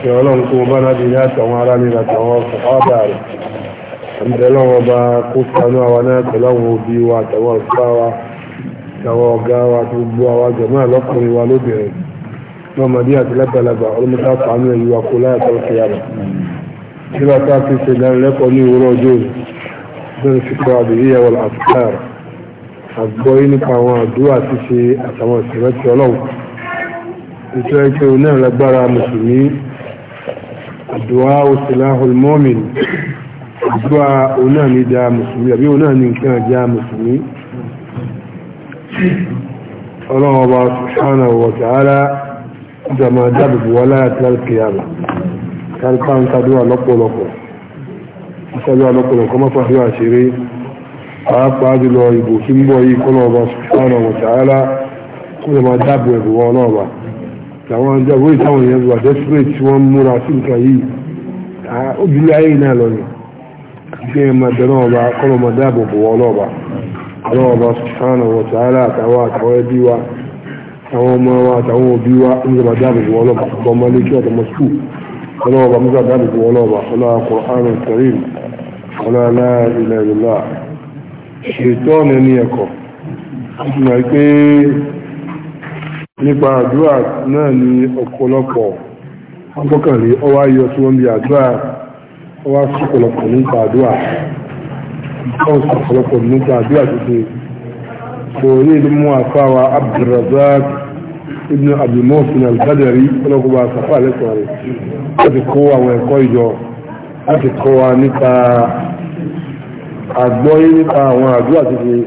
ṣe ọlọ́run kó bá láti ní àtàwọn aráàlú àtàwọn ọ̀pá rẹ̀ ìdẹ́lọ́wọ́ bá kó sanú àwa náà pẹ̀lú àwọn òbí wa àtàwọn ọ̀pá wa àtàwọn ọ̀gá wa tó gbọ́ àwa jẹ̀mọ́ àlọ́kùnrin wa lóbìnrin lọ́mọdé àti lágbàlagbà olómọ́tà fàánú ẹ̀yí wa kó láyàtọ̀ ṣe ní àtàwọn ìṣẹ̀rẹ́ ètò ẹgbẹ́ òun náà lágbára mùsùlùmí àdúrà silahul mu'min àdúrà òun náà ní dáa mùsùlùmí àbí òun náà ní nǹkan àjá mùsùlùmí ọlọ́run ọba subhanahu wa ta'ala jama dábùbù wà láti alkiyama kárìkà ń sàdúrà lọ́pọ̀lọpọ̀ sàdúrà lọ́pọ̀lọpọ̀ mọ́fà sí àṣírí pàápàá jùlọ ìbò tí ń bọ̀ yìí kọ́nà máa dábù ẹ̀bù wọn náà tàwọn jáwé táwọn yẹn wà desperate tí wọ́n múra sí yìí obìnrin ayé náà lọ ni máa ọba máa dáàbò bò wọ́n lọ́ba àtàwọn ọmọ wa àtàwọn òbí wa ń gbà dáàbò bò wọ́n lọ́ba ọba ọmọ nípa àdúrà náà ní ọ̀pọ̀lọpọ̀ akọ́kànlé ọwá yọ tí wọ́n bí àdúrà ọwá sọ̀pọ̀lọpọ̀ nípa àdúrà ọwá sọ̀pọ̀lọpọ̀ nípa àdúrà tuntun kò ní ìlú mú àfáwa Abdulrazak ibn abdulmohsen al-Badari ọlọ́kọ̀ọ́bà sàfà lẹ́kọ̀ọ́ rẹ̀ láti kó àwọn ẹ̀kọ́ ìjọ láti kọ́ wa nípa àgbọ́yé nípa àwọn àdúrà tuntun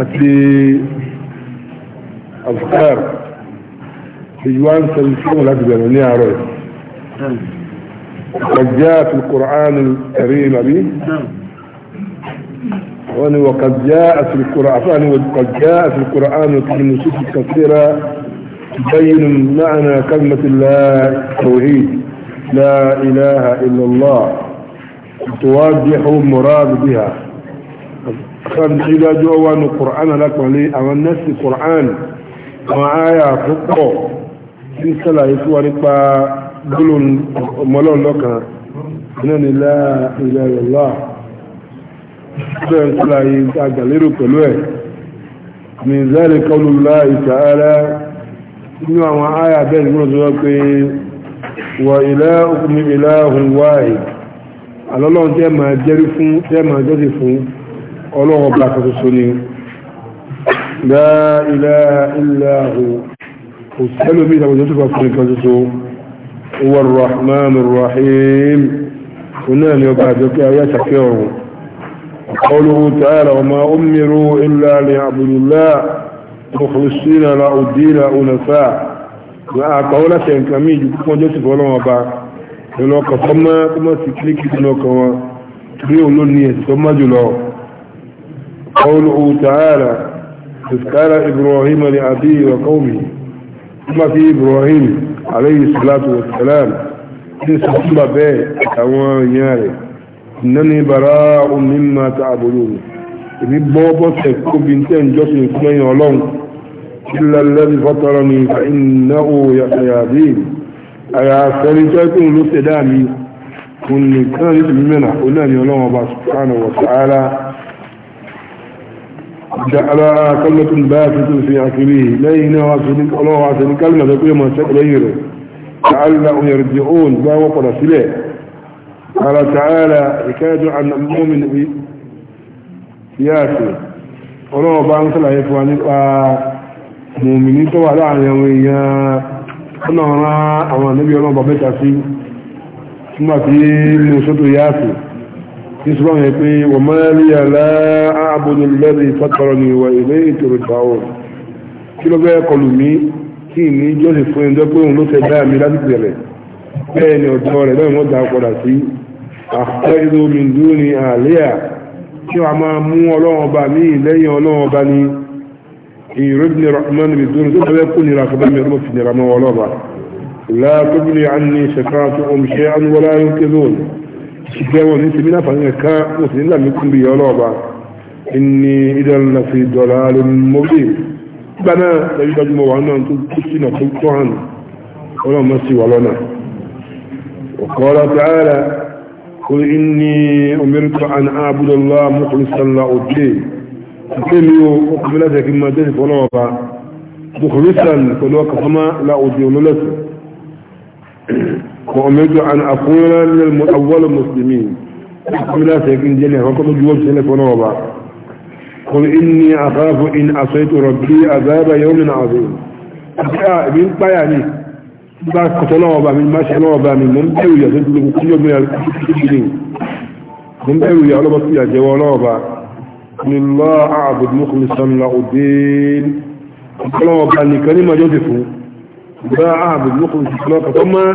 àti أفكار حيوان سلسلة الأكبر من يعرف نعم. قد جاء في القرآن الكريم أبي نعم. وأني وقد جاء في القرآن وقد جاء في القرآن وفي النصوص الكثيرة تبين معنى كلمة الله التوحيد لا إله إلا الله توضح مراد بها كان إذا جوا القرآن لك ولي أو الناس القرآن àwọn àyà tó pọ̀ tí sálàyé fún wa nípa gbólóhùn ọmọlọ́run lọ́kàn iná ni láàrín ìlà bẹ́ẹ̀ sálàyé àgbàlérò pẹ̀lú ẹ̀ ní ìzáàlẹ̀ kọlù láì tààrà inú àwọn àyà bẹ́ẹ̀ gbọ́nà tó wá pé wà ilá òkúmi ilá ohun لا إله إلا هو وسألوا بي لما جاتوا فأفريقا هو الرحمن الرحيم ونال يبعدك آياتك يوم قوله تعالى وما أمروا إلا ليعبدوا الله مخلصين لا أدين أنفاء ما قولة إن كمي جبكم جاتوا ولا ما بعد لو كفما كما سكليك لو كما تريو قوله تعالى إذكار إبراهيم لأبيه وقومه ثم في إبراهيم عليه الصلاة والسلام إن سبب به أتوان ياري إنني براء مما تعبدون إبي بابا تكون بنتين جسم اثنين ولون إلا الذي فطرني فإنه يحيادين أيا سريتكم لسدامي كن كان يتمنى قلنا لي الله سبحانه وتعالى e a ye a k i n hi n a k a a e ke m nche e hee ka a eol ba nwekwara i araa a ke yaki ba eaenya k a aa ahụ e nwe e a r la ea mbae na etụ ya ki يسمع يقول وما لي لا أعبد الذي فطرني وإليه ترجعون كيلو بقى يقولوا مي kí ní jọ́sìn fún ẹjọ́ pé òun ló fẹ́ dá mi láti bẹ̀rẹ̀ bẹ́ẹ̀ ni ọ̀dọ́ rẹ̀ lọ́wọ́ wọ́n dá padà sí àfẹ́rẹ́ omi dúró ní kí wọ́n máa mú ọlọ́run ọba ní ìlẹ́yìn ọlọ́run ọba ní ìrọ́bìnrin rahman mi dúró tó bẹ́ẹ̀ kú nira kọ́ bá mi ọlọ́run fìdí ramọ́ ọlọ́ba ìlà àní ṣẹ̀ká tó ọmọ ṣe ànúwọlá yóò kéde òní ṣùgbọ́n wọn ní ti mínà fàánù ẹ̀ka mo sì nílà mi kún bí ọlọ́ọ̀ba ní ìdánilá fi dọ̀là alẹ́mọ́bí nígbà náà lẹ́yìndájú mọ̀ wà náà tó kú sínà tó tó hàn ọlọ́run mọ́ sí wà lọ́nà وقال تعالى قل إني أمرت أن أعبد الله مخلصا له الدين تقولوا أقبلتك ما تجد فلوبا مخلصا فلوك فما لا أدين لك وأمرت أن أكون من أول المسلمين من لا سيكون جنة وكم جواب سلف ونوبة قل إني أخاف إن أصيت ربي عذاب يوم عظيم من طياني ذاك تنوبة من ماشي نوبة من ممتوية تدلق كل يوم من الكثيرين ممتوية على بطيئة جوانوبة من الله أعبد مخلصا لأدين قلوبة أن كلمة جوزفه لا أعبد مخلصا لأدين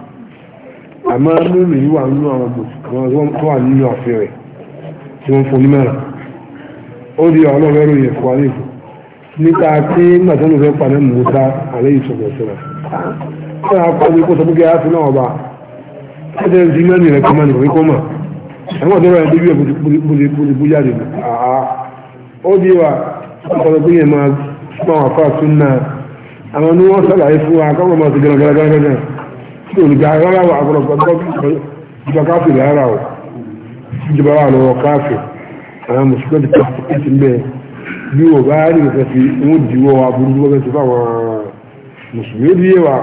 àmọ́ lónìí yìí wà nínú àwọn àwọn tó wà nínú àfẹ́ rẹ̀ tí wọ́n fún ní mẹ́rin ó di ọlọ́rẹ́ ròyìn ẹ̀kọ́ alẹ́ ìfò nípa tí màtánù fẹ́ padà mùsá alẹ́ ìṣòro ìṣòro tí a kọ́ ní kó sọ pé a fi náà ọba ẹ̀jẹ̀ ti mẹ́rin rẹ̀ kọ́ mẹ́rin kọ́ mọ̀ ẹ̀wọ̀n tó rẹ̀ débi ẹ̀ bójá dé àá ó di wa yẹn máa fún àwọn afáàtún náà àwọn ni wọ́n sàlàyé wa káwọn máa ti gẹ̀rẹ̀ tí ò ní ga rárá wà àgbọ̀dọ̀ gbọ́dọ̀ ìjọba káfíìn rárá o ìjọba wà lọ́wọ́ káfíìn àwọn mùsùlùmí ti kọ́ ẹ̀ ti ń bẹ́ẹ̀ bí o bá rí nǹkan tí wọ́n dìwọ́ wa burúkú ọbẹ̀ tó fáwọn mùsùlùmí bí wa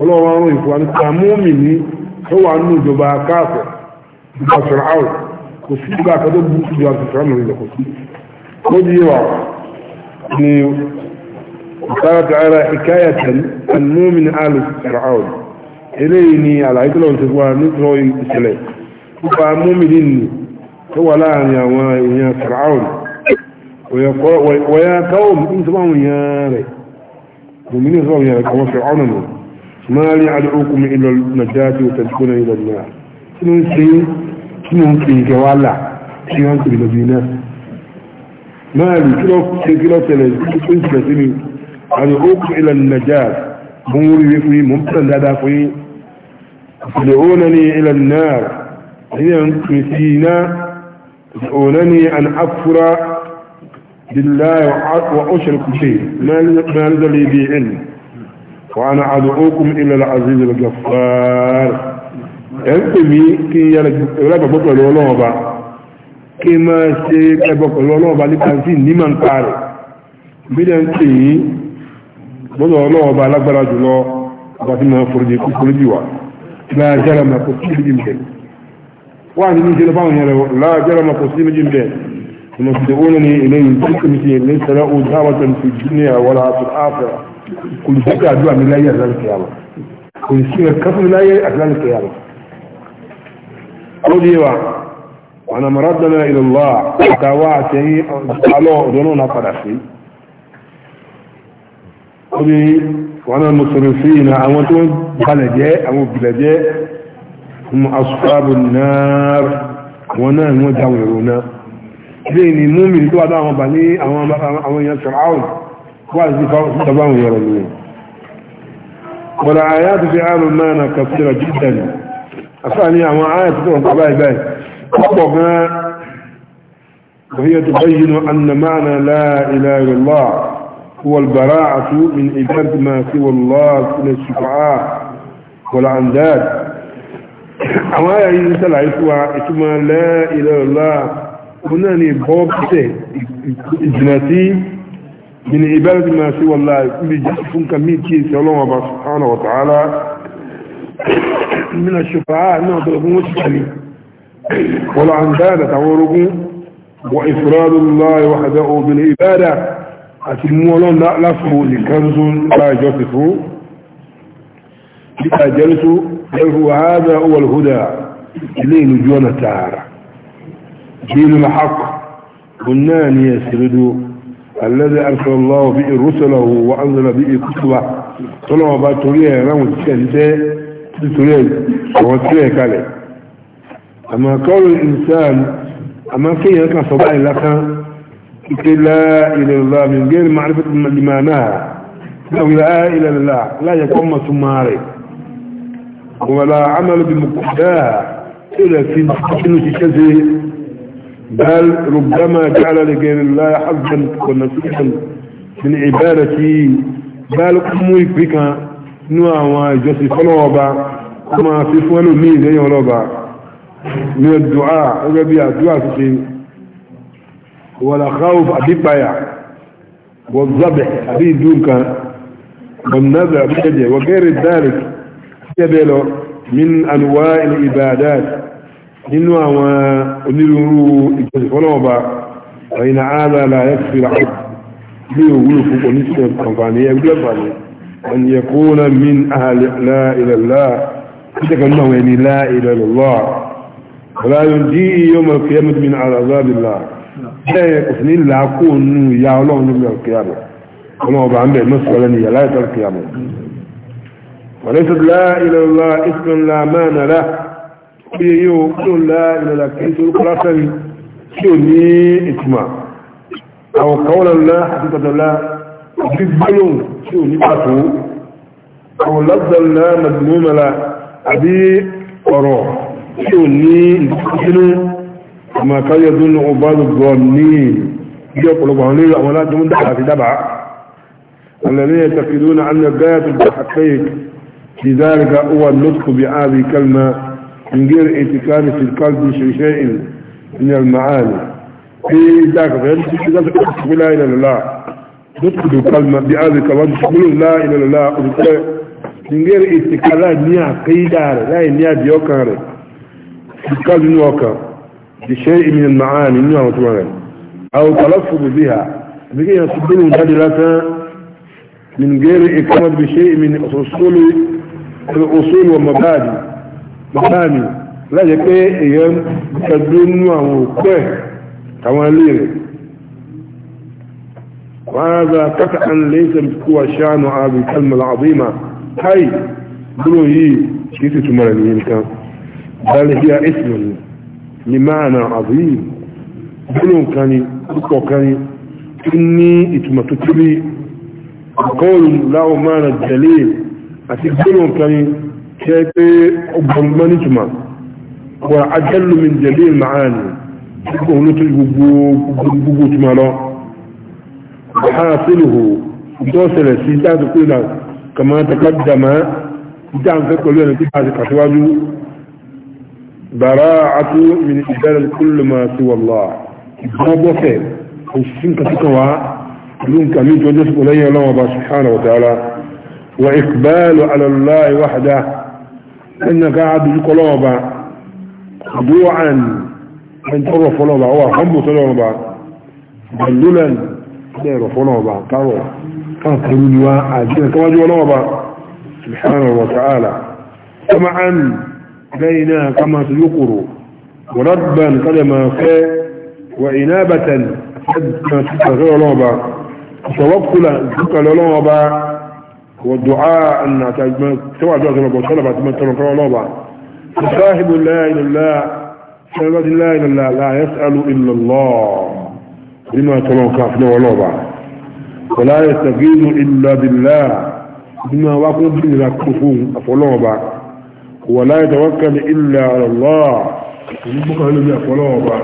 ọlọ́wọ́ àwọn ìfọ̀ nípa mọ́mì ní tó wà nínú ìjọba káàkọ̀ nípa sọ̀rọ̀ àwọn kò ni ìsára tààrà ìkáyàtàn àmọ́mì ní àlù sọ̀rọ̀ eléyìí ni àlàyé tó lọ́n ti wá nítorọ̀ ìṣẹ̀lẹ̀ nípa múmìnì nì tó wà láàrin àwọn èèyàn fìràún wọ̀yà káwọ̀ mú tó máa wùnyàn rẹ̀ múmìnì tó wùnyàn rẹ̀ kọwọ́ fìràún nù máa rí àdúrókùn ilọ̀ nàjáàtì òtẹ̀kùn ilọ̀ náà kí ló ń ṣe kí ló ń pè é kẹwàá là kí wọ́n pè lọ́bí náà máa rí kí ló ṣe kí ló tẹ̀lẹ̀ kí ló tẹ̀lẹ̀ sí mi àdúrókùn ilọ̀ nàjáàtì mo ń rí wí fún yín mo ń pẹ̀lú dáadáa fún yín يدعونني إلى النار هي مسينا يدعونني أن أكفر بالله وأشرك به ما نزل لي به علم وأنا أدعوكم إلى العزيز الغفار ẹ̀ńpèmí kí yára gbogbo pẹ̀lú ọlọ́wọ́ bá kí máa ṣe ẹgbọ́ pẹ̀lú ọlọ́wọ́ bá ní kàńtì níma ń pa rẹ̀ bídẹ̀ ń pè yí gbogbo ọlọ́wọ́ bá lágbára jùlọ àbátí máa foríjì kú foríjì wà لا جرم قصير جنبين وعن من جلبان يرى لا جرم قصير جنبين ينبئونني إليه تلك مثل ليس له دعوة في الدنيا ولا في الآخرة كل شيء أدعو من لا يأذن القيامة كل شيء كفر لا يأذن القيامة أرضي وأنا مردنا إلى الله دعواتي قالوا دونونا قرأ فيه وانا المصرفين عمتهم بلجاء او بلجاء هم اصحاب النار وانا مدورون لين مؤمن تو ادم بني او او يا فرعون كوازي تبعهم يا رب والآيات في عام المانا كثيرة جدا أفعني عن آيات تقول قبائي باي وهي تبين أن معنى لا إله إلا الله هو البراعة من عباد ما سوى الله من الشفعاء والعنداد أما يعيز سلع يسوى إتما لا إله إلا الله هنا نبوب سه إجناتي من عباد ما سوى الله كل جسم كمية كي سلام الله سبحانه وتعالى من الشفعاء أنه نعطيكم وشكلي والعنداد تعورهم وإفراد الله وحده بالعبادة àti mú ọlọ́run láfò nìkan tó láàjọ́ ti fún nípa ìjẹ́rìsó ẹ̀rù ààrẹ ọwọ̀lùhúdà ilé ìlújú ọ̀nà tààrà dínú mahaq náà ni ẹ̀sìrìdó alẹ́dẹ̀ alfẹ́lọ́wọ́ bí ìrúsẹ̀lọ́wọ́ wa an zara bí ìkútuwa tọ́lọ́wọ́ bá torí ẹ̀ ráwọn tíṣẹ́ níṣẹ́ títorí ẹ̀ àwọn tí ẹ̀ kalẹ̀ àmà kọ́rù ìsàn àmà kéèyàn kan sọ báyìí lásán لا إلى الله من غير معرفة لمعناها لو لا إلى الله لا يقوم سماري ولا عمل بمقتداها إلى في تشتزي بل ربما جعل لغير الله حظا ونسيحا من عبادتي بل أمي بك نوعا جسي فلوبا وما في فلو ميزة يولوبا من الدعاء وقبيع الدعاء في شيء ولا خوف أبي بيع والذبح أبي دونك والنذر بيجي وغير ذلك يبلو من أنواع العبادات إنه ونيرو ونرو إجازة فإن هذا لا يكفي العبد ليغلق ونسمة كمفانية يغلقني أن يكون من أهل لا إلى الله كتك أنه يعني لا إلى الله ولا ينجيه يوم القيامة من عذاب الله bẹ́ẹ̀ kò sí ní ìlà kó nù ìyá ọlọ́run níbi ọ̀kẹ́yàmọ̀ ọlọ́run bá ń bẹ̀ mọ́sọ̀rọ̀ ní ìyàlá ìtọ́ ọ̀kẹ́yàmọ̀ وليس لا إلى الله اسم لا معنى له bí yí o kí o lá ìrìnlẹ̀ kí n tó rúkú lásán kí o ní ìtumà àwọn kàwọ́lọ̀ ńlá àti tàtàlá àti gbọ́lọ̀n kí o ní pàtó àwọn lásánlá màdìmọ́mọ́lá àbí ọ̀rọ̀ kí o ní ìtúkúsínú كما كان يظن عباد الظنين يقلب عن ليلة ولا جمون دعا في دبع الذين يعتقدون أن غاية بحقيق لذلك هو النطق بهذه كلمة من غير اعتقاد في القلب شيء من المعاني في ذاك فيمسك لا إله إلا الله نطق بالكلمة بهذه كلمة تقول لا إله إلا الله من غير اعتقاد لا نيا قيدار لا نيا بيوكار في القلب نوكار بشيء من المعاني منها وتمانا أو تلفظ بها بكي يصدرون هذه من غير إكرام بشيء من أصول الأصول والمبادئ مباني لا يكي إيام تدون وكوه توالير وهذا قطعا ليس هو شأن هذه كلمة العظيمة هاي بلو هي كيف تمرني بل هي اسم لمعنى عظيم بلون كاني بطو كاني إني اتمتتبي قول له معنى الدليل أتي بلون كاني كيف أبرماني تما وأجل من دليل معاني يقول نتجبو تما لا وحاصله دوسل السيدات كلها كما تقدم إذا أنفقوا لنا تبعث كشواجه براعة من إجلال كل ما سوى الله بابو خير وشين كتكوا لون كمين توجس إلي الله سبحانه وتعالى وإقبال على الله وحده إنك عبد القلوب خضوعا من تعرف الله هو حمد الله دلولا تعرف الله تعرف تعرف كما جوا الله سبحانه وتعالى طمعا بين كما يقر وربا قدما ف وإنابة قد ما تتغير لعبا توكل ذكى لعبا أن سوى دعاء كما قلت تنقر لعبا فصاحب لا إله إلا الله صاحب لا إله إلا يسأل إلا الله بما تنقر في نوع ولا يستقيم إلا بالله بما وقوم بلا كفوم أفو لعبا ولا يتوكل إلا على الله